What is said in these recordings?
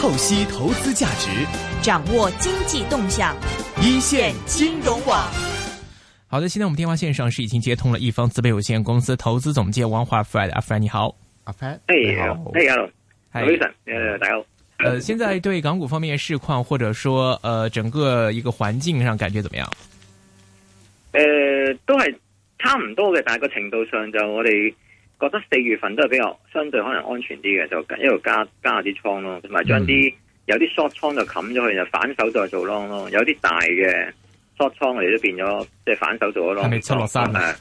透析投資價值，掌握經濟動向，一線金融網。好的，現在我們電話線上是已經接通了一方資本有限公司投資總監王華 Fred，阿 Fred 你好，阿、hey, Fred，你好，大家 hello 大家好，呃，現在對港股方面的市況或者說呃整個一個環境上感覺怎麼樣？呃、uh,，都係差唔多嘅，但係個程度上就我哋。覺得四月份都係比較相對可能安全啲嘅，就一路加加下啲倉咯，同埋將啲有啲 short 倉就冚咗佢，就反手再做 long 咯。有啲大嘅 short 倉嚟都變咗即係反手做咗 long。係咪出落山啊？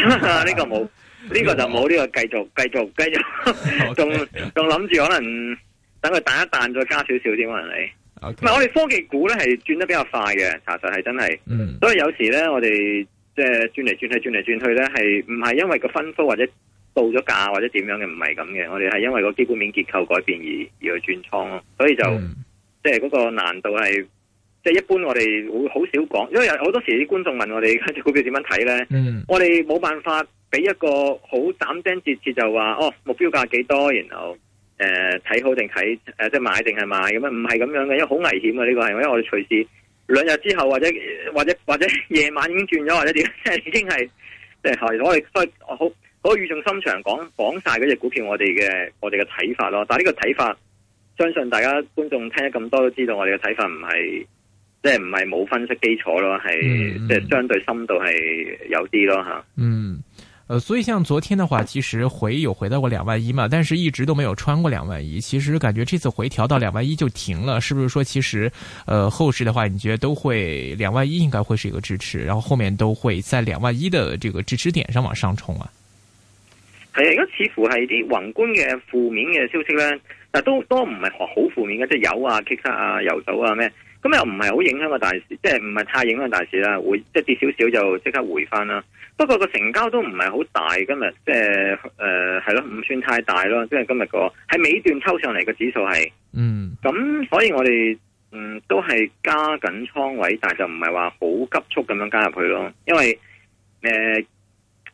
呢 個冇，呢、呢個就冇呢、呢個繼續繼續繼續，仲仲諗住可能等佢彈一彈再加少少添可能你。唔、okay。係，我哋科技股咧係轉得比較快嘅，查實係真係、嗯。所以有時咧，我哋即係轉嚟轉去，轉嚟轉去咧，係唔係因為個分佈或者？報咗價或者點樣嘅唔係咁嘅，我哋係因為個基本面結構改變而而去轉倉咯，所以就即係嗰個難度係即係一般我哋會好少講，因為好多時啲觀眾問我哋嗰隻股票點樣睇咧，我哋冇辦法俾一個好斬釘截鐵就話哦目標價幾多，然後誒睇，呃、好定睇誒即係買定係賣咁樣，唔係咁樣嘅，因為好危險嘅呢個係，因為我哋隨時兩日之後或者或者或者夜晚已經轉咗或者點，即係已經係即係係我哋開好。好，語重心長講講晒嗰隻股票我哋嘅我哋嘅睇法咯，但係呢個睇法相信大家觀眾聽咗咁多都知道我哋嘅睇法唔係即係唔係冇分析基礎咯，係、嗯、即係相對深度係有啲咯吓。嗯、呃，所以像昨天的話，其實回有回到過兩萬一嘛，但係一直都沒有穿過兩萬一。其實感覺這次回調到兩萬一就停了，是不是說其實，誒、呃、後市的話，你覺得都會兩萬一應該會是一個支持，然後後面都會在兩萬一的這個支持點上往上衝啊？而家似乎係啲宏觀嘅負面嘅消息咧，但都都唔係好負面嘅，即係有啊，跌殺啊，游走啊咩，咁又唔係好影響個大市，即係唔係太影響大市啦，會即係跌少少就即刻回翻啦。不過個成交都唔係好大，今日即係誒係咯，唔算太大咯，即係今日個喺尾段抽上嚟個指數係，嗯，咁所以我哋嗯都係加緊倉位，但係就唔係話好急速咁樣加入去咯，因為誒。呃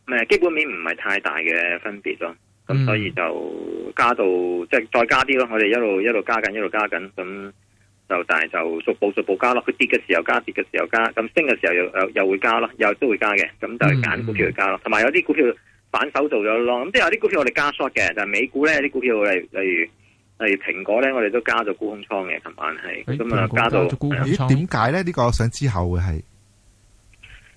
咩基本面唔係太大嘅分別咯，咁、嗯、所以就加到即係、就是、再加啲咯。我哋一路一路加緊，一路加緊，咁就但係就逐步逐步加咯。佢跌嘅時候加，跌嘅時候加，咁升嘅時候又又又會加咯，又都會加嘅。咁就係揀股票去加咯。同、嗯、埋有啲股票反手做咗咯。咁即係有啲股票我哋加 short 嘅，但係美股咧啲股票，例例如例如蘋果咧，我哋都加咗沽空倉嘅。琴晚係咁啊，加到咦、哎？點解咧？呢、這個我想之後會係？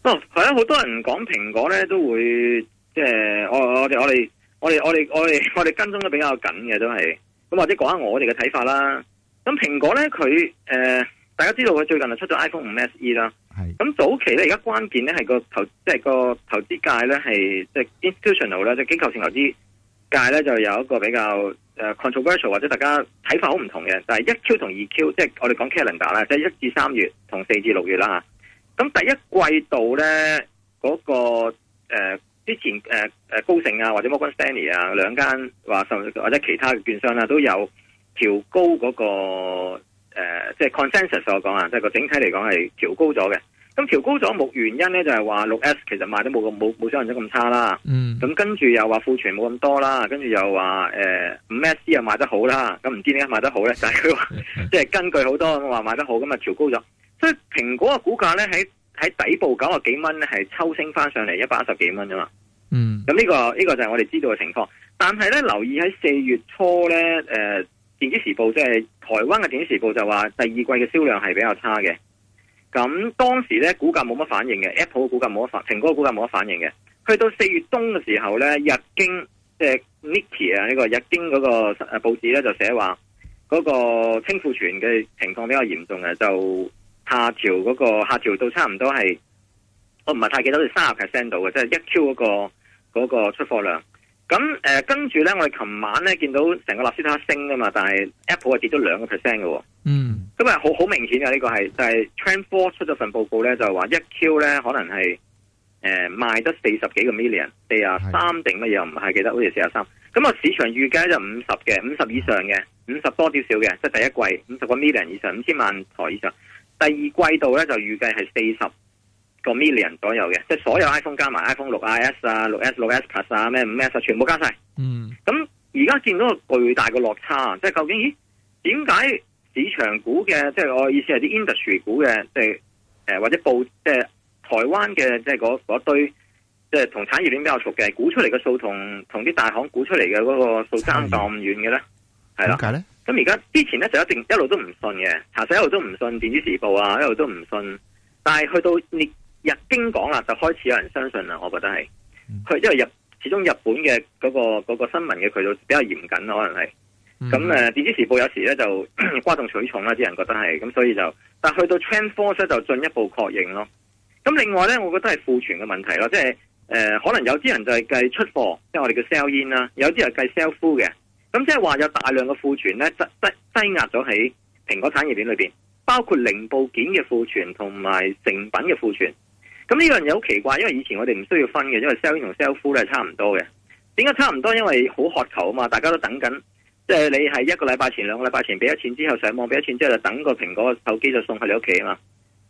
哦，係啊！好多人講蘋果咧，都會即係、呃、我我哋我哋我哋我哋我哋我哋跟蹤得比較緊嘅都係，咁、就是、或者講下我哋嘅睇法啦。咁蘋果咧，佢誒、呃，大家知道佢最近就出咗 iPhone 五 SE 啦。咁早期咧，而家關鍵咧係個投資界呢，即係個投資界咧係即係 institutional 咧，即係機構性投資界咧就有一個比較誒 controversial 或者大家睇法好唔同嘅，就係一 Q 同二 Q，即係我哋講 calendar 啦，即係一至三月同四至六月啦吓。咁第一季度咧，嗰、那個、呃、之前誒誒、呃、高盛啊，或者摩根 Stanley 啊，兩間話甚或者其他嘅券商啊，都有調高嗰、那個即係 consensus 所講啊，即係個整體嚟講係調高咗嘅。咁調高咗，冇原因咧，就係話六 S 其實賣得冇咁冇冇想象中咁差啦。嗯。咁跟住又話庫存冇咁多啦，跟住又話誒五 S 又賣得好啦。咁唔知點解賣得好咧，但係佢話即係根據好多話賣得好，咁啊調高咗。即係蘋果嘅股價咧，喺喺底部九啊幾蚊咧，係抽升翻上嚟一百一十幾蚊啫嘛。嗯，咁呢個呢個就係我哋知道嘅情況。但係咧，留意喺四月初咧，誒《電子時報》即係台灣嘅《電子時報》就話第二季嘅銷量係比較差嘅。咁當時咧，股價冇乜反應嘅，Apple 嘅股價冇乜反，蘋果嘅股價冇乜反應嘅。去到四月中嘅時候咧，日經即係、呃、Nikkei 啊呢個日經嗰個誒報紙咧就寫話，嗰個清庫存嘅情況比較嚴重嘅就。下調嗰、嗰個下調到差唔多係，我唔係太記得好似三十 percent 度嘅，即係一 Q 嗰個出貨量。咁，誒跟住咧，我哋琴晚咧見到成個納斯達克升㗎嘛，但係 Apple 係跌咗兩個 percent 嘅。嗯，咁啊，好好明顯嘅呢、呢個係就係、是、Transfor u 出咗份報告咧，就話一 Q 咧可能係誒、呃、賣得四十幾個 million 四啊三定乜嘢，又唔係記得好似四啊三咁啊。市場預計就五十嘅五十以上嘅五十多少少嘅，即、就、係、是、第一季五十個 million 以上五千萬台以上。第二季度咧就預計係四十個 million 左右嘅，即係所有 iPhone 加埋 iPhone 六、六 S 啊、六 S 六 S Plus 啊、咩五 S 啊，全部加曬。嗯，咁而家見到個巨大嘅落差，即係究竟咦，點解市場估嘅，即係我意思係啲 industry 估嘅，即係誒或者報，即係台灣嘅，即係嗰堆，即係同產業鏈比較熟嘅，估出嚟嘅數同同啲大行估出嚟嘅嗰個數差咁遠嘅咧？係啦何解咧？咁而家之前咧就一定一路都唔信嘅，查曬一路都唔信《電子時報》啊，一路都唔信。但係去到日日經講啦，就開始有人相信啦，我覺得係。去因為日始終日本嘅嗰、那個嗰、那個、新聞嘅渠道比較嚴謹，可能係。咁、嗯、誒，啊《電子時報》有時咧就嘩眾取寵啦，啲 人覺得係。咁所以就，但係去到 Trend Force 咧就進一步確認咯。咁另外咧，我覺得係庫存嘅問題咯，即係誒、呃、可能有啲人就係計出貨，即係我哋叫 sell in 啦；有啲人計 sell through 嘅。咁即係話有大量嘅庫存咧，擠壓咗喺蘋果產業鏈裏邊，包括零部件嘅庫存同埋成品嘅庫存。咁呢樣嘢好奇怪，因為以前我哋唔需要分嘅，因為 selling 同 sell full 係差唔多嘅。點解差唔多？因為好渴求啊嘛，大家都等緊，即係你係一個禮拜前、兩個禮拜前俾咗錢之後，上網俾咗錢之後就等個蘋果手機就送去你屋企啊嘛。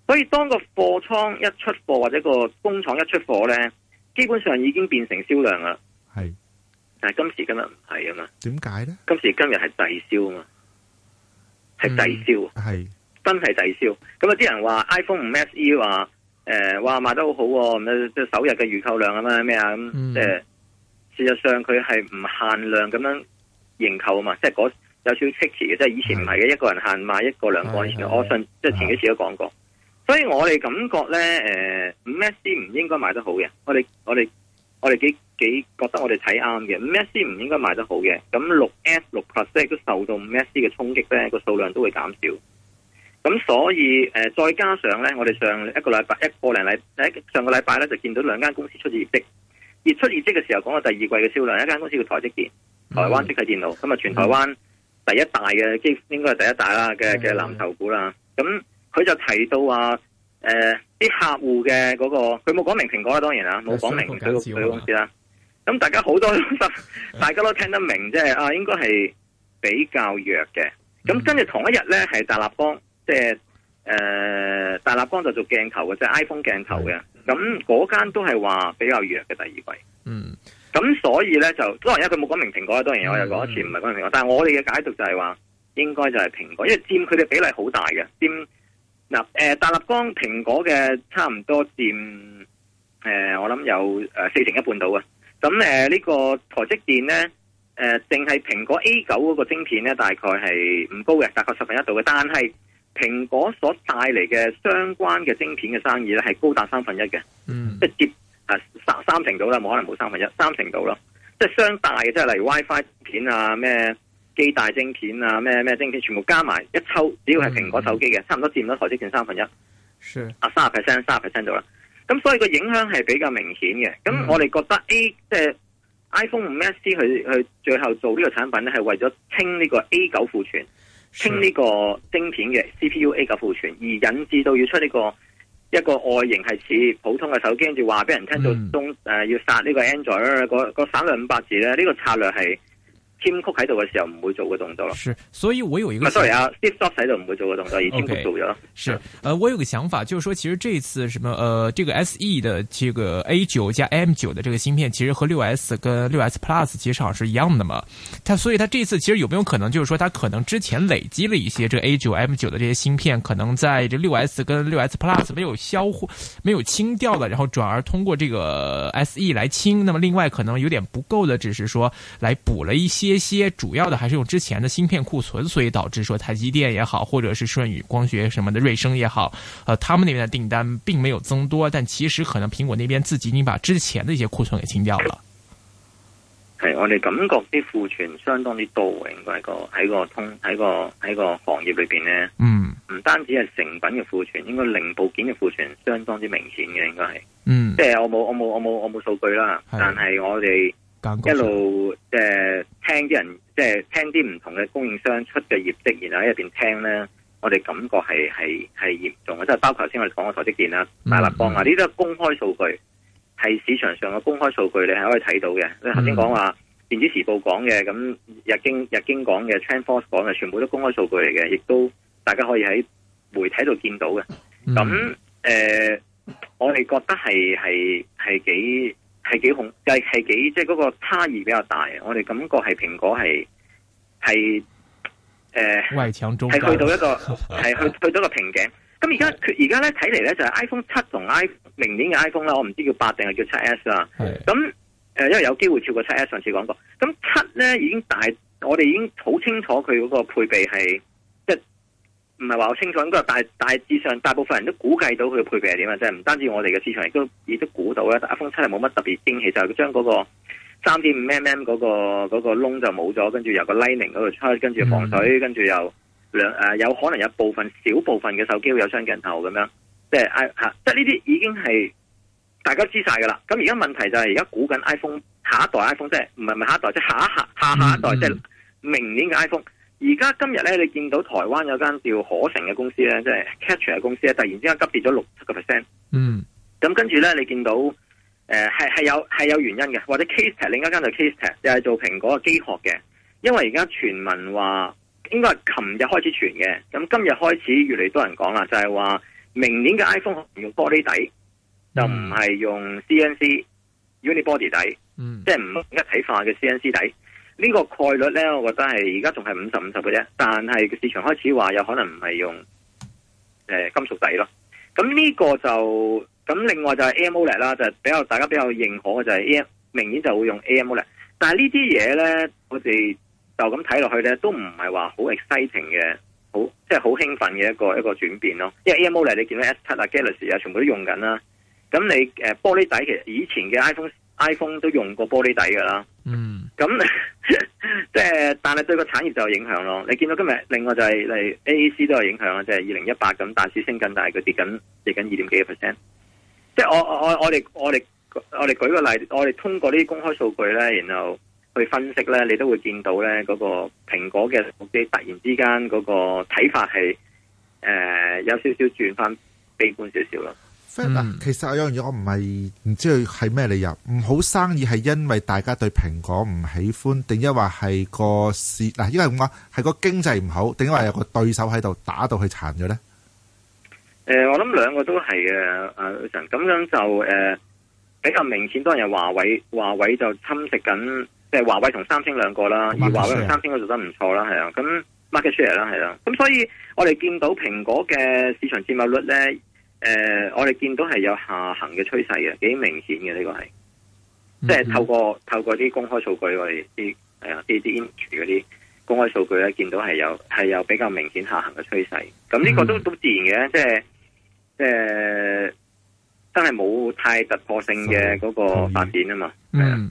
所以當個貨倉一出貨或者個工廠一出貨咧，基本上已經變成銷量啦。係。但係今時今日唔係啊嘛？點解咧？今時今日係滯銷啊嘛，係滯銷，係、嗯、真係滯銷。咁啊，啲人話 iPhone 五 SE 話誒，哇，賣得好好，咁即係首日嘅預購量啊嘛，咩啊咁，即、嗯、係、嗯、事實上佢係唔限量咁樣認購啊嘛，即係嗰有少少即時嘅，即係以前唔係嘅，一個人限買一個兩個以前我。我信即係前幾次都講過，所以我哋感覺咧，誒、呃，五 SE 唔應該賣得好嘅。我哋我哋我哋幾。幾覺得我哋睇啱嘅，5S 唔應該賣得好嘅，咁 6S、6Plus 都受到 5S 嘅衝擊咧，個數量都會減少。咁所以誒、呃，再加上咧，我哋上一個禮拜一個零禮上個禮拜咧就見到兩間公司出咗業績，而出業績嘅時候講到第二季嘅銷量，一間公司叫台積電，台灣積體電路，咁、嗯、啊全台灣第一大嘅，幾、嗯、應該係第一大啦嘅嘅藍籌股啦。咁、嗯、佢就提到話誒，啲、呃、客戶嘅嗰、那個，佢冇講明蘋果啦，當然啦，冇講明佢個公司啦。咁大家好多大家都聽得明，即係啊，應該係比較弱嘅。咁、嗯、跟住同一日咧，係大立光，即係誒大立光就做鏡頭嘅，即、就、係、是、iPhone 鏡頭嘅。咁嗰間都係話比較弱嘅第二季。嗯。咁所以咧就，當然咧佢冇講明蘋果，當然我又講一次唔係講明蘋果。但係我哋嘅解讀就係話，應該就係蘋果，因為佔佢哋比例好大嘅。佔嗱誒大立光蘋果嘅差唔多佔誒、呃、我諗有誒、呃、四成一半到啊。咁誒呢個台積電呢，誒淨係蘋果 A 九嗰個晶片呢，大概係唔高嘅，大概十分一度嘅。但係蘋果所帶嚟嘅相關嘅晶片嘅生意呢，係高達三分一嘅，即係接啊三三成度啦，冇可能冇三分一，三成度咯。即係相大嘅，即係例如 WiFi 片啊，咩機帶晶片啊，咩咩晶片，全部加埋一抽，只要係蘋果手機嘅、嗯，差唔多佔咗台積電三分一。啊，三十 percent，三十 percent 度啦。咁、嗯、所以個影響係比較明顯嘅。咁、嗯嗯、我哋覺得 A 即係 iPhone 五 S T 去去最後做呢個產品咧，係為咗清呢個 A 九庫存，清呢個晶片嘅 CPU A 九庫存，而引致到要出呢個一個外形係似普通嘅手機，跟住話俾人聽到中誒要殺呢個 Android 嗰個省略五百字咧。呢、呢個策略係。這個前曲喺度嘅時候唔會做個動作咯，是，所以我有一個，sorry 啊 Steve Jobs 喺度唔會做個動作，已經做咗。 okay, 是，呃，我有個想法，就是說，其實這次什麼，呃，這個 SE 的這個 A 九加 M 九的這個芯片，其實和六 S 跟六 S Plus 其實好像是一樣的嘛。他所以他這次其實有沒有可能，就是說，他可能之前累積了一些這 A 九 M 九的這些芯片，可能在這六 S 跟六 S Plus 沒有銷戶，沒有清掉了，然後轉而通過這個 SE 來清。那麼另外可能有點不夠的，只是說來補了一些。這些主要的還是用之前的芯片庫存，所以導致說台積電也好，或者是舜宇光學什麼的，瑞聲也好，呃，他們那邊的訂單並沒有增多，但其實可能蘋果那邊自己已經把之前的一些庫存給清掉了。係，我哋感覺啲庫存相當之多嘅，應該係個喺個通喺個喺個行業裏邊呢。嗯，唔單止係成品嘅庫存，應該零部件嘅庫存相當之明顯嘅，應該係，嗯，即係我冇我冇我冇我冇數據啦，但係我哋。一路即係聽啲人，即係聽啲唔同嘅供應商出嘅業績，然後喺入邊聽咧，我哋感覺係係係嚴重嘅，即係包括頭先我哋講嘅台積電啦、嗯、大立光啊，呢啲都係公開數據，係市場上嘅公開數據，你係可以睇到嘅。你頭先講話《電子時報》講嘅、咁日經日經講嘅、TrendForce 講嘅，全部都公開數據嚟嘅，亦都大家可以喺媒體度見到嘅。咁誒、嗯呃，我哋覺得係係係幾。係幾恐，係係幾即係嗰個差異比較大。我哋感覺係蘋果係係誒，係、呃、去到一個係去 去到一個瓶頸。咁而家而家咧睇嚟咧，就係 iPhone 七同 i 明年嘅 iPhone 啦 那，我唔知叫八定係叫七 S 啦。咁誒，因為有機會跳過七 S，上次講過。咁七咧已經大，我哋已經好清楚佢嗰個配備係。唔係話好清楚，應該大大致上大部分人都估計到佢嘅配備係點啊。即係唔單止我哋嘅市場亦都亦都估到咧。iPhone 七係冇乜特別驚喜，就係、是、佢將嗰個三點五 mm 嗰、嗰個窿、嗰個、就冇咗，跟住由個 lightning 嗰度出去，跟住防水，跟住又有可能有部分小部分嘅手機會有雙鏡頭咁樣，即係 i 即係呢啲已經係大家知晒噶啦。咁而家問題就係而家估緊 iPhone 下一代 iPhone，即係唔係唔係下一代，即係下下下下一代，嗯嗯即係明年嘅 iPhone。而家今日咧，你見到台灣有間叫可成嘅公司咧，即、就、係、是、Catcher 嘅公司咧，突然之間急跌咗六七個 percent。嗯，咁跟住咧，你見到誒係係有係有原因嘅，或者 Casetek 另一間就 Casetek 就又係做蘋果嘅機殼嘅，因為而家傳聞話應該係琴日開始傳嘅，咁今日開始越嚟越多人講啦，就係、是、話明年嘅 iPhone 唔用玻璃底，嗯、就唔係用 CNC Unibody 底，即係唔一體化嘅 CNC 底。呢、這個概率呢，我覺得係而家仲係五十五十嘅啫。但係市場開始話有可能唔係用、呃、金屬底咯。咁呢個就咁另外就係 AMOLED 啦，就是、比較大家比較認可嘅就係、是、AM，明顯就會用 AMOLED。但係呢啲嘢呢，我哋就咁睇落去呢，都唔係話好 exciting 嘅，好即係好興奮嘅一個一個轉變咯。因為 AMOLED 你見到 S 七啊、Galaxy 啊，全部都用緊啦。咁你、呃、玻璃底其實以前嘅 iPhone。iPhone 都用過玻璃底噶啦，咁即係，但係對個產業就有影響咯。你見到今日，另外就係、是、例如 A A C 都有影響啦，即係二零一八咁，大市升緊，但係佢跌緊，跌緊二點幾個 percent。即係我我我我哋我哋我哋舉個例，我哋通過呢啲公開數據咧，然後去分析咧，你都會見到咧嗰個蘋果嘅手機突然之間嗰個睇法係誒、呃，有少少轉翻悲觀少少咯。嗱，其實有樣嘢我唔係唔知佢係咩理由，唔好生意係因為大家對蘋果唔喜歡，定一話係個市，嗱因為咁講，係個經濟唔好，定一話有個對手喺度打到佢殘咗咧？誒、呃，我諗兩個都係嘅，阿、啊、咁樣就誒、呃、比較明顯，當然係華為，華為就侵蝕緊，即係華為同三星兩個啦，而華為同三星佢做得唔錯啦，係啊，咁 market share 啦，係啊。咁所以我哋見到蘋果嘅市場占有率咧。誒、呃，我哋見到係有下行嘅趨勢嘅，幾明顯嘅呢、呢個係，即係透過，mm -hmm. 透過啲公開數據，我哋啲係啊啲啲嗰啲公開數據咧，見到係有係有比較明顯下行嘅趨勢。咁呢個都，mm -hmm. 都自然嘅，即係即係真係冇太突破性嘅嗰個發展啊嘛。Mm -hmm.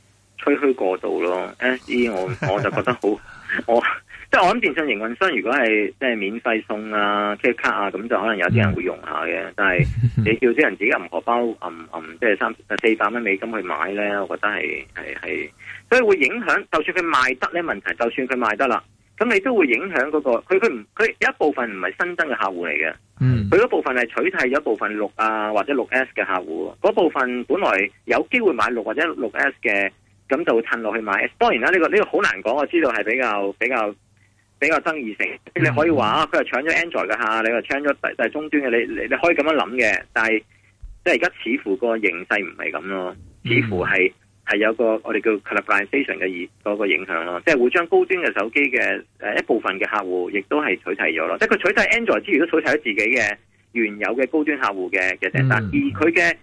吹噓過度咯，SE 我我就覺得好， 我即係我諗電信營運商如果係即係免費送啊，機卡啊，咁就可能有啲人會用下嘅。嗯、但係 你叫啲人自己銀荷包，即、嗯、係、嗯就是、三四百蚊美金去買呢，我覺得係係係，所以會影響。就算佢賣得呢問題，就算佢賣得啦，咁你都會影響嗰、那個佢佢唔佢一部分唔係新增嘅客戶嚟嘅，嗯，佢嗰部分係取替咗部分六啊或者六 S 嘅客戶，嗰部分本來有機會買六或者六 S 嘅。咁就趁落去買。當然啦、啊，呢、呢個呢、呢個好難講。我知道係比較比較比較爭議性、mm -hmm. 你你你你。你可以話佢係搶咗 Android 嘅客，你又搶咗第第終端嘅。你你你可以咁樣諗嘅。但係即係而家似乎個形勢唔係咁咯，似乎係係、mm -hmm. 有個我哋叫 cannibalization 嘅嗰個影響咯。即、就、係、是、會將高端嘅手機嘅誒一部分嘅客戶，亦都係取締咗咯。即係佢取締 Android 之餘，都取締咗自己嘅原有嘅高端客戶嘅嘅訂單。而佢嘅，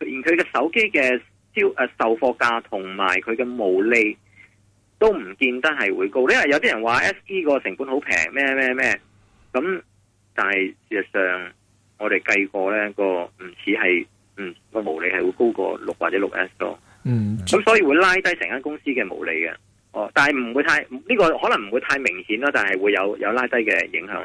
而佢嘅手機嘅。誒，售貨價同埋佢嘅毛利都唔見得係會高，因為有啲人話 SE 個成本好平，咩咩咩，咁但係事實上我哋計過呢個唔似係，嗯個毛利係會高過六或者六 S 多，嗯，咁所以會拉低成間公司嘅毛利嘅，哦，但係唔會太呢個可能唔會太明顯啦，但係會有有拉低嘅影響。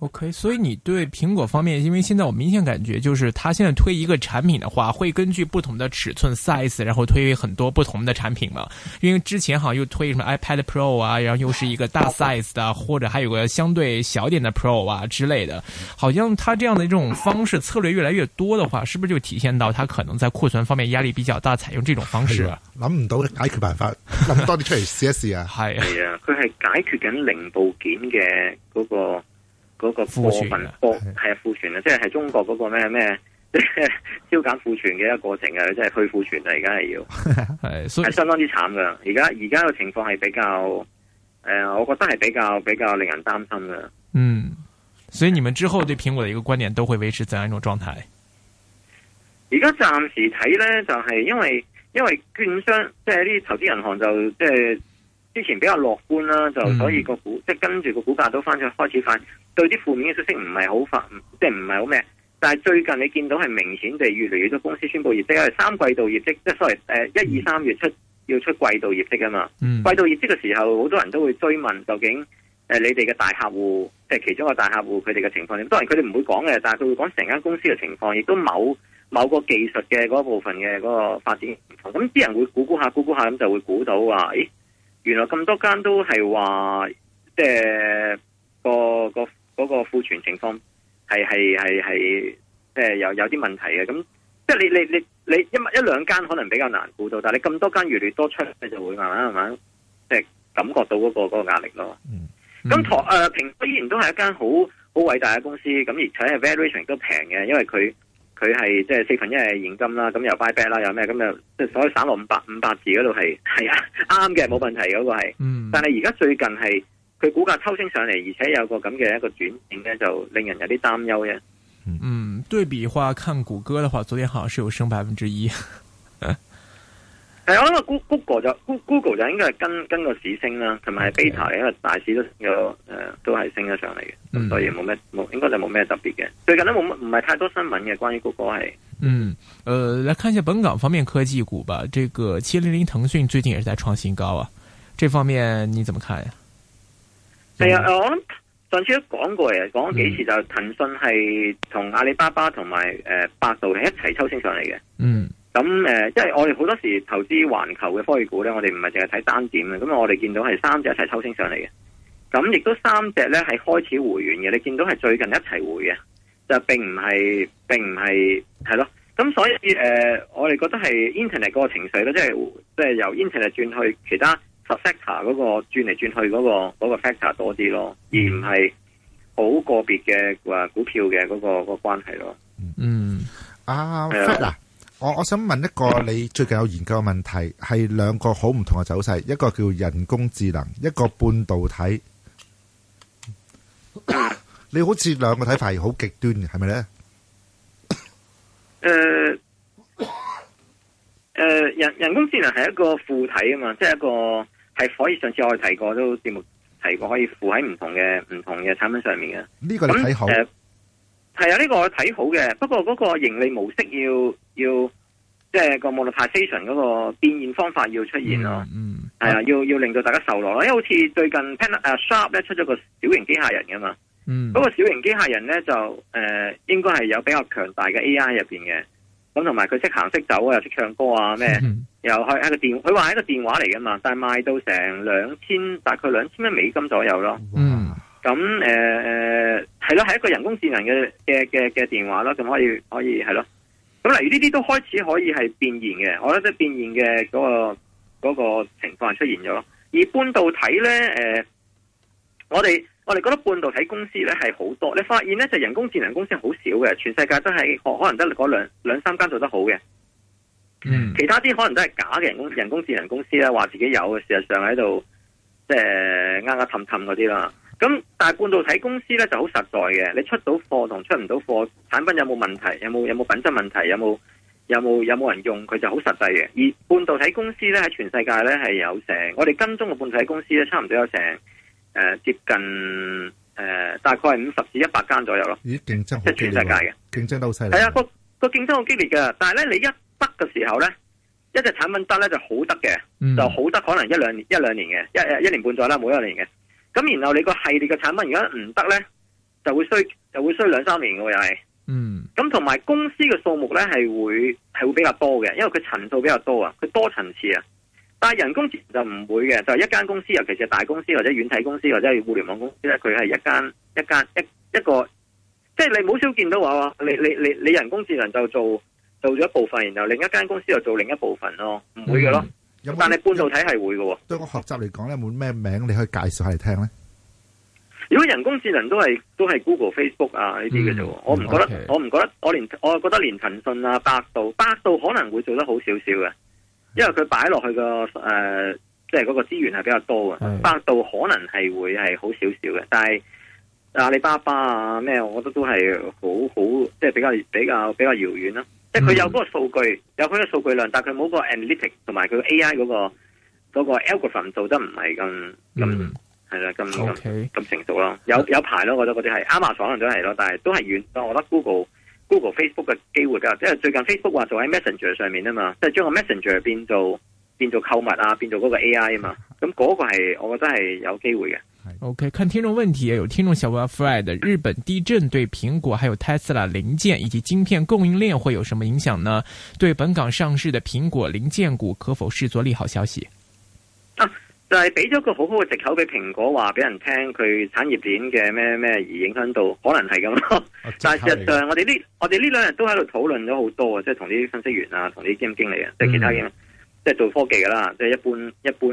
OK，所以你對蘋果方面，因為現在我明顯感覺就是，他現在推一個產品的話，會根據不同的尺寸 size，然後推很多不同的產品嘛。因為之前好像又推什麼 iPad Pro 啊，然後又是一個大 size 的，或者還有個相對小點的 Pro 啊之類的。好像他這樣的這種方式策略越來越多的話，是不是就體現到他可能在庫存方面壓力比較大，採用這種方式啊？諗唔到解決辦法，多 啲出嚟試一試啊！係啊，係啊，佢係解決緊零部件嘅嗰個。嗰、那個庫存，係啊庫存啊，即係係中國嗰個咩咩，即係削減庫存嘅一個過程啊，即係去庫存啊，而家係要係，係 相當之慘噶。而家而家嘅情況係比較，誒、呃，我覺得係比較比較令人擔心噶。嗯，所以你們之後對蘋果嘅一個觀點都會維持怎樣一種狀態？而家暫時睇咧，就係、是、因為因為券商即係啲投資銀行就即係。就是之前比較樂觀啦，就所以個股即係跟住個股價都翻咗，開始反，對啲負面嘅消息唔係好反，即係唔係好咩？但係最近你見到係明顯地越嚟越多公司宣佈業績，因為三季度業績即係所謂誒一二三月出要出季度業績啊嘛、嗯。季度業績嘅時候，好多人都會追問究竟誒、呃、你哋嘅大客戶，即係其中一個大客戶佢哋嘅情況點？當然佢哋唔會講嘅，但係佢會講成間公司嘅情況，亦都某某個技術嘅嗰部分嘅嗰個發展。咁啲人會估估下，估估下咁就會估到話，咦？原來咁多間都係話，即係個個嗰個庫存情況係係係係，即係有有啲問題嘅。咁即係你你你你一一,一兩間可能比較難估到，但係你咁多間越嚟越多出，你就會慢慢慢慢即係感覺到嗰個嗰個壓力咯。嗯，咁台誒蘋果依然都係一間好好偉大嘅公司，咁而且係 valuation 都平嘅，因為佢。佢係即係四分一係現金啦，咁又 buy back 啦，又咩咁又，所以散落五百五百字嗰度係係啊啱嘅冇問題嗰、那個係，但係而家最近係佢股價抽升上嚟，而且有個咁嘅一個轉型咧，就令人有啲擔憂嘅。嗯，對比話，看谷歌嘅話，昨天好像是有升百分之一。 係啊，我諗 Google 就 Google 就應該係跟跟個市升啦，同埋係 beta 因為大市都有誒、呃，都係升咗上嚟嘅，咁、嗯、所以冇咩冇，應該就冇咩特別嘅。最近都冇乜唔係太多新聞嘅，關於 Google 係。嗯，誒、呃，來看下本港方面科技股吧。呢、這個七零零騰訊最近也是在創新高啊，這方面你怎麼看呀、啊？係、嗯、啊，我上次都講過嘅，講幾次就騰訊係、嗯、同阿里巴巴同埋誒百度係一齊抽升上嚟嘅。嗯。咁誒、呃，即係我哋好多時投資環球嘅科技股咧，我哋唔係淨係睇單點嘅。咁我哋見到係三隻一齊抽升上嚟嘅，咁亦都三隻咧係開始回軟嘅。你見到係最近一齊回嘅，就並唔係並唔係係咯。咁所以誒、呃，我哋覺得係 internet 嗰個情緒咧，即係即係由 internet 轉去其他 sector 嗰、那個轉嚟轉去嗰、那個那個 factor 多啲咯，而唔係好個別嘅話、啊、股票嘅嗰、那個、那個關係咯。嗯，啊嗱。我我想問一個你最近有研究嘅問題，係兩個好唔同嘅走勢，一個叫人工智能，一個半導體。 你好似兩個睇法好極端嘅，係咪呢？誒、呃、誒、呃，人人工智能係一個附體啊嘛，即、就、係、是、一個係可以上次我哋提過都節目提過，可以附喺唔同嘅唔同嘅產品上面嘅。呢、這個你睇好？係啊，呢、呃、個我睇好嘅，不過嗰個盈利模式要。要即係個 monetization 個變現方法要出現咯，係、嗯嗯、啊，要要令到大家受落咯。因為好似最近 Pan 誒 Sharp 咧，出咗個小型機械人噶嘛，嗯，嗰個小型機械人咧就誒、呃、應該係有比較強大嘅 AI 入邊嘅，咁同埋佢識行識走啊，又識唱歌啊咩、嗯，又開一個電，佢話係一個電話嚟噶嘛，但係賣到成兩千，大概兩千蚊美金左右咯，嗯，咁誒係咯，係、呃、一個人工智能嘅嘅嘅嘅電話咯，咁可以可以係咯。咁例如呢啲都開始可以係變現嘅，我覺得變現嘅嗰個嗰個情況出現咗咯。而半導體咧，誒、呃，我哋我哋覺得半導體公司咧係好多，你發現咧就人工智能公司好少嘅，全世界都係可可能得嗰兩兩三間做得好嘅。嗯，其他啲可能都係假嘅人工人工智能公司咧，話自己有嘅，事實上喺度即係啱啱氹氹嗰啲啦。呃騙騙咁，但係半導體公司咧就好實在嘅，你出到貨同出唔到貨，產品有冇問題，有冇有冇品質問題，有冇有冇有冇人用，佢就好實際嘅。而半導體公司咧喺全世界咧係有成，我哋跟蹤嘅半導體公司咧差唔多有成，誒、呃、接近誒、呃、大概係五十至一百間左右咯。咦，競爭好激烈啊！競爭都好犀利。係啊，個個競爭好激烈嘅。但係咧，你一得嘅時候咧，一隻產品得咧就好得嘅，就好得,、嗯、得可能一兩年一兩年嘅，一一年半載啦，冇一兩年嘅。咁然後你個系列嘅產品如果唔得呢，就會衰，就會衰兩三年嘅又係。嗯。咁同埋公司嘅數目呢係會係會比較多嘅，因為佢層數比較多啊，佢多層次啊。但係人工智能就唔會嘅，就係一間公司，尤其是大公司或者軟體公司或者係互聯網公司呢，佢係一間一間一一個。即係你好少見到話你你你你人工智能就做做咗一部分，然後另一間公司又做另一部分咯，唔會嘅咯。咁但係半導體係會嘅。嗯，對我學習嚟講咧，冇咩名你可以介紹下嚟聽咧。如果人工智能都係都係 Google、Facebook 啊呢啲嘅啫，我唔覺得，okay. 我唔覺得，我唔覺得，我連我覺得連騰訊啊、百度，百度可能會做得好少少嘅，因為佢擺落去，呃就是，個誒，即係嗰個資源係比較多嘅，百度可能係會係好少少嘅，但係阿里巴巴啊咩，我覺得都係好好，即係，就是，比較比較比較遙遠啦。即係佢有嗰個數據，嗯、有佢嘅數據量，但係佢冇個 analytic 同埋佢、個 AI 嗰個個 algorithm 做得唔係咁咁係啦咁咁成熟咯，有有排咯，我覺得嗰啲係亞馬遜可能都係咯，但係都係遠。但我覺得 Google Google Facebook 嘅機會㗎，即係最近 Facebook 話做喺 Messenger 上面啊嘛，即係將個 Messenger 變做變做購物啊，變做嗰個 AI 啊嘛，咁嗰個係我覺得係有機會嘅。O.K.，看聽眾問題，有聽眾想問下 Fred 日本地震對蘋果還有 Tesla 零件，以及晶片供應鏈會有什麼影響呢？對本港上市的蘋果零件股可否視作利好消息？啊，就係俾咗個好好嘅藉口俾蘋果話俾人聽，佢產業鏈嘅咩咩而影響到，可能係咁咯。Okay. 但係事實上我哋呢，我哋呢兩日都喺度討論咗好多啊，即係同啲分析員啊，同啲基金經理呀、嗯，即係其他嘅，即係做科技噶啦，即係一般一般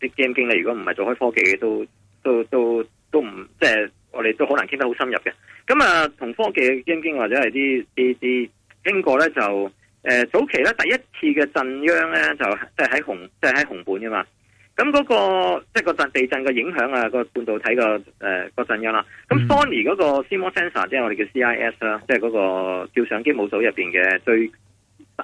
啲基金經理如果唔係做開科技嘅都。都都都唔即係我哋都好難傾得好深入嘅，咁啊同科技嘅經經或者係啲啲啲經過咧就誒、呃、早期咧第一次嘅震央咧就就喺紅就喺紅本噶嘛，咁嗰、那個即係個震地震嘅影響啊個半導體、呃啊 mm -hmm. 那那個誒個震央啦，咁 Sony 嗰個 CMOS sensor 即係我哋叫 CIS 啦、啊，即係嗰個照相機模組入邊嘅最誒、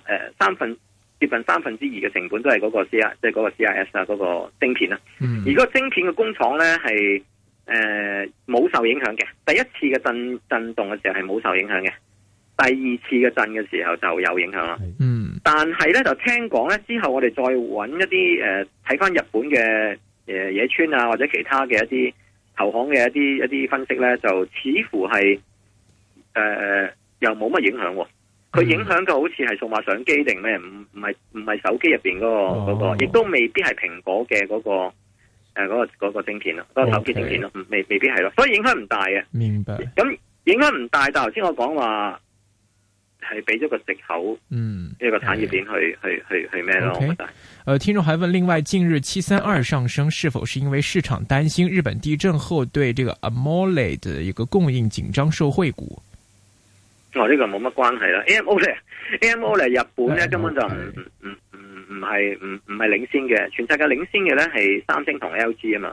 呃、三分。接近三分之二嘅成本都係嗰個 C R，即係嗰個 C R S 啊，嗰、那個晶片啦、啊。而嗰個晶片嘅工廠咧係誒冇受影響嘅。第一次嘅震震動嘅時候係冇受影響嘅。第二次嘅震嘅時候就有影響啦。嗯，但是呢，但係咧就聽講咧之後我哋再揾一啲誒睇翻日本嘅誒野村啊或者其他嘅一啲投行嘅一啲一啲分析咧，就似乎係誒、呃、又冇乜影響、啊。佢、嗯、影響嘅好似係數碼相機定咩？唔唔係唔係手機入邊嗰個亦、哦那個、都未必係蘋果嘅嗰、那個誒嗰、呃那個那個晶片咯，嗰、okay, 手機晶片咯，未未必係咯，所以影響唔大嘅。明白。咁影響唔大，但頭先我講話係俾咗個藉口，嗯，一個產業鏈去、嗯、去去去咩咯？誒、okay, 我覺得，呃，聽眾還問，另外近日七三二上升是否係因為市場擔心日本地震後對這個 AMOLED 嘅一個供應緊張受惠股？我、哦、呢、這個冇乜關係啦。AMOLED 咧，AMOLED 咧，日本咧根本就唔唔唔唔唔係唔唔係領先嘅。全世界領先嘅咧係三星同 L G 啊嘛。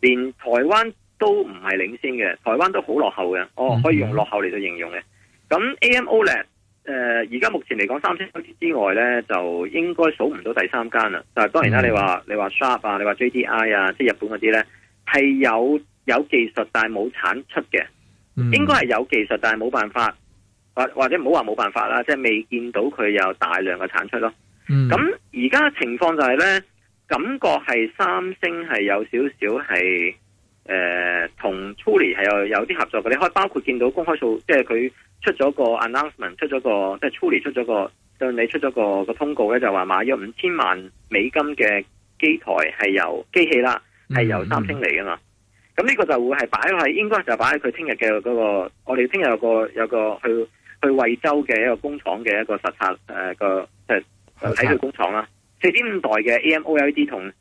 連台灣都唔係領先嘅，台灣都好落後嘅。哦，可以用落後嚟做形容嘅。咁 AMOLED 咧，誒而家目前嚟講，三星、L G 之外咧，就應該數唔到第三間啦。但係當然啦、mm -hmm.，你話你話 Sharp 啊，你話 J D I 啊，即係日本嗰啲咧，係有有技術但係冇產出嘅，mm -hmm. 應該係有技術但係冇辦法。或或者唔好話冇辦法啦，即係未見到佢有大量嘅產出咯。咁而家嘅情況就係、是、呢，感覺係三星係有少少係誒同 Truly 係有有啲合作嘅。你可以包括見到公開數，即係佢出咗個 announcement，出咗個即係 Truly 出咗個，就是、你出咗個個通告呢，就話買咗五千萬美金嘅機台係由機器啦，係由三星嚟噶嘛。咁、嗯、呢、嗯、個就會係擺喺，應該就擺喺佢聽日嘅嗰個，我哋聽日有個有個去。去惠州嘅一個工廠嘅一個實測誒、呃就是、個即係睇佢工廠啦，四點五代嘅 AMOLED 同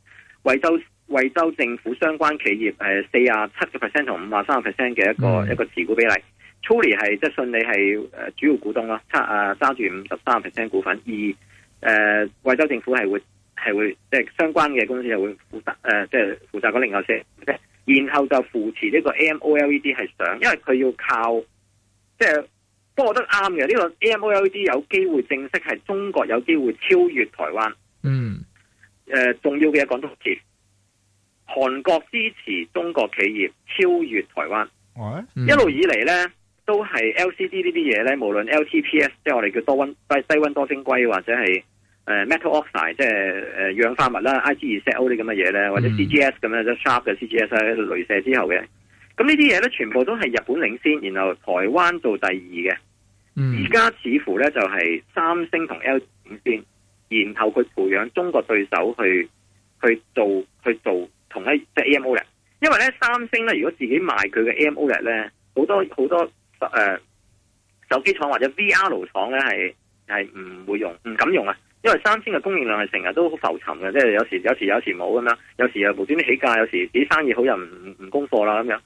惠州惠州政府相關企業誒四啊七個 percent 同五啊三 percent 嘅一個一個持股比例，Truly 係即係信利係誒主要股東啦，七啊揸住五十三 percent 股份，而誒、呃、惠州政府係會係會即係、就是、相關嘅公司會負、呃、就會、是、負責誒即係負責嗰另一些、就是，然後就扶持呢個 AMOLED 係上，因為佢要靠即係。就是.不過我覺得啱嘅，呢、這個 AMOLED 有機會正式係中國有機會超越台灣。嗯、mm. 呃，誒重要嘅嘢講多次，韓國支持中國企業超越台灣。Mm. 一路以嚟呢都係 LCD 呢啲嘢呢，無論 LTPS 即係我哋叫多温低温多晶矽或者係誒、呃、metal oxide 即、就、係、是呃、氧化物啦，IGZO 啲咁嘅嘢呢，mm. 或者 CGS 咁樣 Sharp 嘅 CGS 雷射之後嘅。咁呢啲嘢咧，全部都係日本領先，然後台灣做第二嘅。而、嗯、家似乎咧就係三星同 L 領先，然後佢培養中國對手去去做、去做同一即係 AMOLED。因為咧三星咧，如果自己賣佢嘅 AMOLED 呢，咧，好多好多誒手機廠或者 VR 廠咧係係唔會用、唔敢用啊。因為三星嘅供應量係成日都好浮沉嘅，即係有，有時有時有時冇咁樣，有時又無端端起價，有時自己生意好又唔唔唔供貨啦咁樣。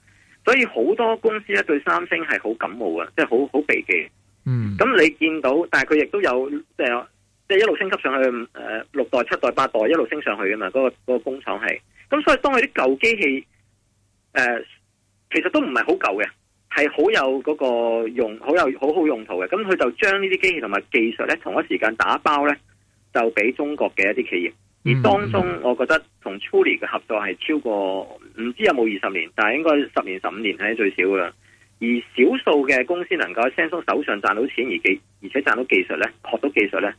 所以好多公司咧對三星係好感冒嘅，即係好好避忌。嗯，咁你見到，但係佢亦都有即係即係一路升級上去，誒、呃、六代、七代、八代一路升上去嘅嘛。嗰個、嗰個工廠係，咁所以當佢啲舊機器誒、呃、其實都唔係好舊嘅，係好有嗰個用，好有好好用途嘅。咁佢就將呢啲機器同埋技術咧，同一時間打包咧，就俾中國嘅一啲企業。而當中，我覺得同 Truly 嘅合作係超過唔知有冇二十年，但係應該十年、十五年喺最少噶啦。而少數嘅公司能夠喺 Samsung 手上賺到錢而技，而且賺到技術咧，學到技術咧，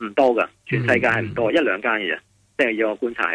唔多噶。全世界係唔多，一兩間嘅。即係要我觀察，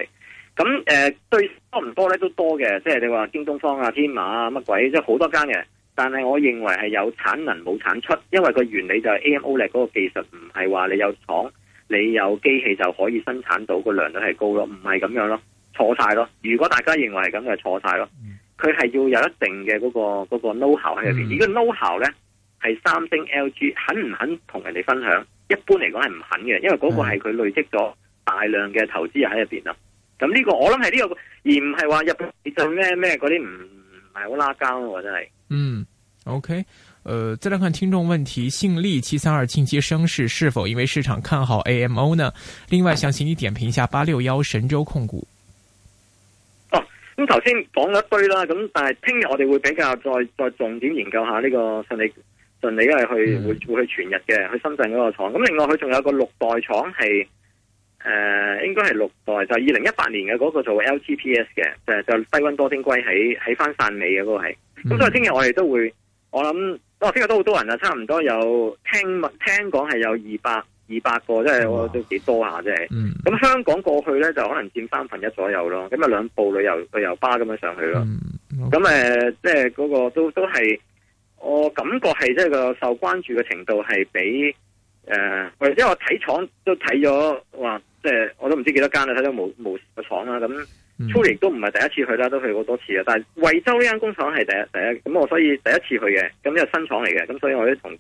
咁誒、呃，對多唔多咧都多嘅。即係你話京東方啊、天馬啊乜鬼，即係好多間嘅。但係我認為係有產能冇產出，因為個原理就係 AMOLED 嗰個技術唔係話你有廠。你有機器就可以生產到個量率係高咯，唔係咁樣咯，錯晒咯。如果大家認為係咁，就錯晒咯。佢係要有一定嘅嗰個嗰個 know-how 喺入邊、嗯。而個 know-how 咧係三星、LG 肯唔肯同人哋分享？一般嚟講係唔肯嘅，因為嗰個係佢累積咗大量嘅投資人喺入邊啦。咁呢個我諗係呢個，而唔係話日本對咩咩嗰啲唔唔係好拉交喎，真係。嗯，OK。呃，再來看聽眾問題，信利七三二近期升勢是否因為市場看好 AMO 呢？另外，想請你點評一下八六幺神州控股。哦，咁頭先講咗一堆啦，咁但係聽日我哋會比較再再重點研究一下呢、呢個信利，信利咧係去會會去全日嘅，去深圳嗰個廠。咁另外佢仲有個六代廠係，誒、呃，應該係六代就係二零一八年嘅嗰個做 LTPS 嘅，就就是、低溫多晶硅喺喺翻汕尾嘅嗰個係。咁、嗯、所以聽日我哋都會。我諗，哦，聽日都好多人啊，差唔多有聽聽講係有二百二百個，即係我都幾多下，即係。咁、嗯、香港過去咧就可能佔三分一左右咯，咁啊兩部旅遊旅遊巴咁樣上去咯。咁、嗯、誒，即係嗰個都都係，我感覺係即係個受關注嘅程度係比誒、呃就是，我因為睇廠都睇咗話，即係我都唔知幾多間啦，睇到冇冇個廠啦咁。初年都唔係第一次去啦，都去好多次啦。但係惠州呢間工廠係第一第一咁，我所以第一次去嘅。咁因為新廠嚟嘅，咁所以我都同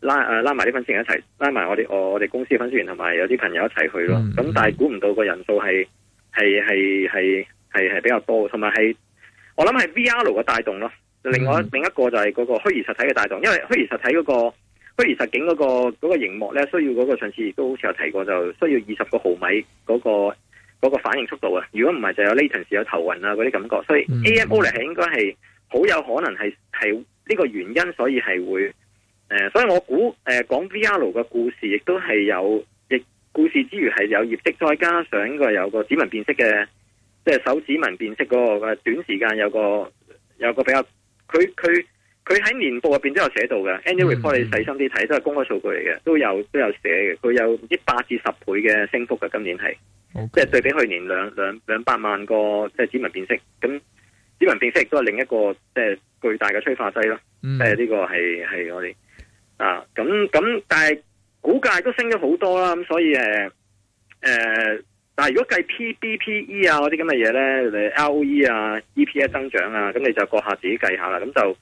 拉誒拉埋啲分析員一齊，拉埋、呃哦、我啲我哋公司嘅分析員同埋有啲朋友一齊去咯。咁、嗯、但係估唔到個人數係係係係係係比較多，同埋係我諗係 V R 嘅帶動咯。另外、嗯、另一個就係嗰個虛擬實體嘅帶動，因為虛擬實體嗰、那個虛擬實景嗰、那個嗰、那個熒幕咧，需要嗰、那個上次亦都好似有提過，就需要二十個毫米嗰、那個。嗰、那個反應速度啊！如果唔係就有 latency 有頭暈啊嗰啲感覺，所以 AMO 嚟係應該係好有可能係係呢個原因，所以係會誒、呃，所以我估誒、呃、講 VR 嘅故事亦都係有，亦故事之餘係有業績，再加上應有個指紋辨識嘅，即、就、係、是、手指紋辨識嗰個短時間有個有個比較，佢佢佢喺年報入邊都有寫到嘅。Annual、anyway, report、嗯嗯嗯、你細心啲睇都係公開數據嚟嘅，都有都有寫嘅。佢有唔知八至十倍嘅升幅嘅，今年係。即、okay. 係對比去年兩兩兩百萬個即係、就是、指紋辨識，咁指紋辨識亦都係另一個即係、就是、巨大嘅催化劑咯。即係呢個係係我哋啊咁咁，但係股價都升咗好多啦。咁所以誒誒、呃，但係如果計 P B P E 啊嗰啲咁嘅嘢咧，你 L O E 啊 E P S 增長啊，咁你就閣下自己計下啦。咁就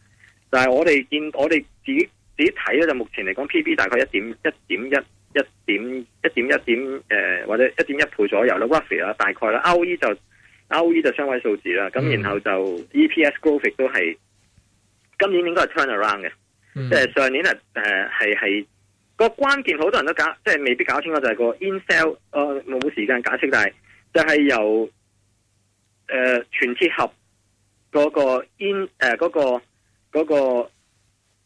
但係我哋見我哋自己自己睇咧，就目前嚟講 P B 大概一點一點一。一點一點一點誒、呃，或者一點一倍左右啦 profit 啦，大概啦。ROE 就 ROE 就雙位數字啦，咁、嗯、然後就 EPS growth 都係今年應該係 turnaround 嘅，即、嗯、係、就是、上年係誒係係個關鍵，好多人都搞，即係未必搞清楚就係、是、個 in-cell，冇、呃、冇時間解釋，但係就係、是、由誒、呃、全貼合嗰個 in 誒嗰個嗰個。那個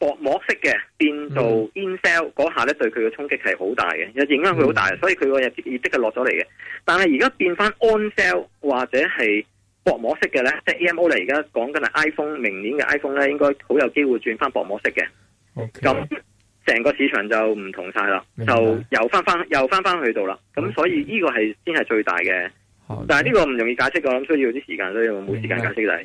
薄膜式嘅變做 in sell 嗰、嗯、下咧，對佢嘅衝擊係好大嘅，因影響佢好大，所以佢個業績落咗嚟嘅。但係而家變翻 on sell 或者係薄膜式嘅咧，即係 AMO 嚟，而家講緊係 iPhone 明年嘅 iPhone 咧，應該好有機會轉翻薄膜式嘅。咁、okay，成個市場就唔同晒啦，就又翻翻又翻翻去到啦。咁所以呢個係先係最大嘅，okay，但係呢個唔容易解釋的，我諗需要啲時間，所以冇時間解釋就係。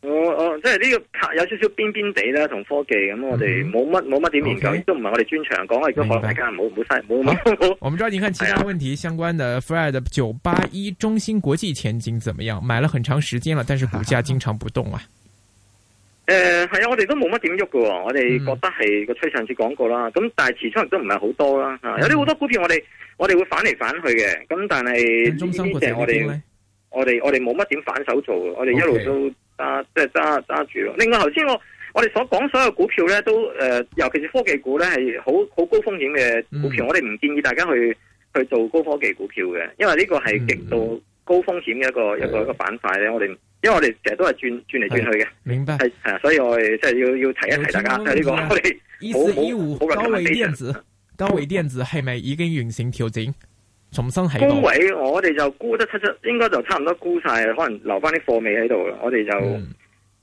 我我、oh, oh, 即係呢個有少少邊邊地啦，同科技咁，嗯嗯、okay, 我哋冇乜冇乜點研究，都唔係我哋專長講啊。如果大家唔好唔好嘥，唔好唔好。我們抓緊看其他問題相關嘅。Fred 九八一中芯國際前景怎麼樣？買了很長時間了，但是股價經常不動啊。誒，係啊，我哋都冇乜點喐嘅，我哋覺得係個趨勢上次講過啦。咁但係持倉亦都唔係好多啦、啊。有啲好多股票我哋我哋會反嚟反去嘅。咁但係、嗯、中芯國際我哋我哋我哋冇乜點反手做，我哋一路都。Okay, 揸即係揸揸住咯。另外，頭先我我哋所講所有股票咧，都誒、呃，尤其是科技股咧，係好好高風險嘅股票。嗯、我哋唔建議大家去去做高科技股票嘅，因為呢個係極度高風險嘅一個一個、嗯、一個板塊咧。我哋因為我哋成日都係轉轉嚟轉去嘅，明白係。所以我哋即係要要提一提大家呢、這個。一四一五，高維電子，高維電子係咪已經完成調整？重新喺高位，我哋就估得七七，應該就差唔多估晒，可能留翻啲貨尾喺度啦。我哋就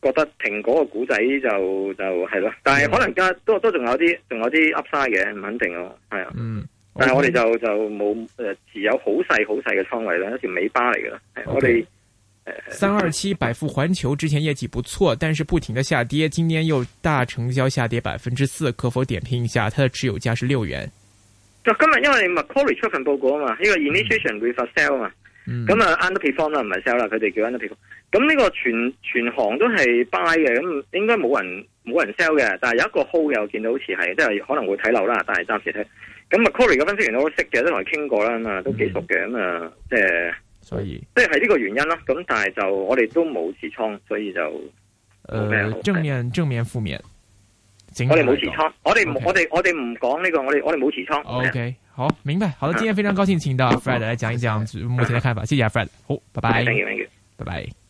覺得蘋果個古仔就就係咯，但係可能而家都都仲有啲仲有啲 Upside 嘅，唔肯定咯，係啊。嗯，嗯 okay. 但係我哋就就冇誒、呃、持有好細好細嘅倉位啦，一條尾巴嚟噶啦。Okay. 我哋三二七百富環球之前業績不錯，但是不停嘅下跌，今年又大成交下跌百分之四，可否點評一下？它的持有價是六元。就今日，因為 McCollie 出份報告啊嘛，呢、這個 initiation 會發 sell 啊嘛，咁、嗯嗯、啊 underperform 啦，唔係 sell 啦，佢哋叫 underperform。咁呢個全全行都係 buy 嘅，咁應該冇人冇人 sell 嘅。但係有一個 hold，我見到好似係，即係可能會睇漏啦，但係暫時睇。咁 McCollie 嘅分析員都好識嘅，都同佢傾過啦，咁啊都幾熟嘅，咁啊即係所以即係係呢個原因啦。咁但係就我哋都冇持倉，所以就冇、呃、正面正面負面。嗯那個、我哋冇持倉，我哋、okay. 我哋我哋唔講呢個，我哋我哋冇持倉。O、okay. K，好明白，好，今日非常高興，請到阿 Fred 嚟講一講目前嘅看法， 謝謝、阿、Fred，好，拜拜。Okay, thank you，Thank you，拜拜。